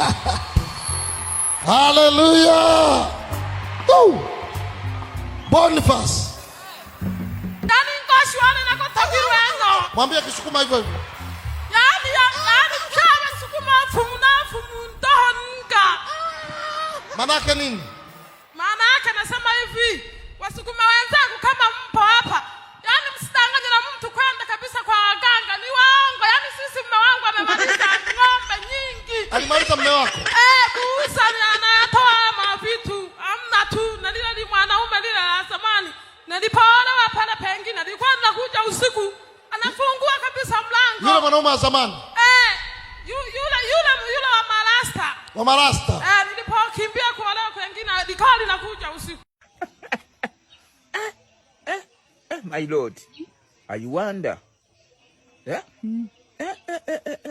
Haleluya! Boniface mwambie kisukuma hivyo hivyo, manake nini? Manake nasema alimaliza mume wako eh, kuuza anatoa mavitu amna tu, na lile ni mwanaume lile la zamani. Nilipoolewa pale pengine nilikuwa nakuja usiku, anafungua kabisa mlango yule mwanaume wa zamani eh, yule yule yule wa marasta wa marasta eh, nilipokimbia kuolewa pengine likawa linakuja usiku my lord, I wonder yeah? mm. eh, eh, eh, eh.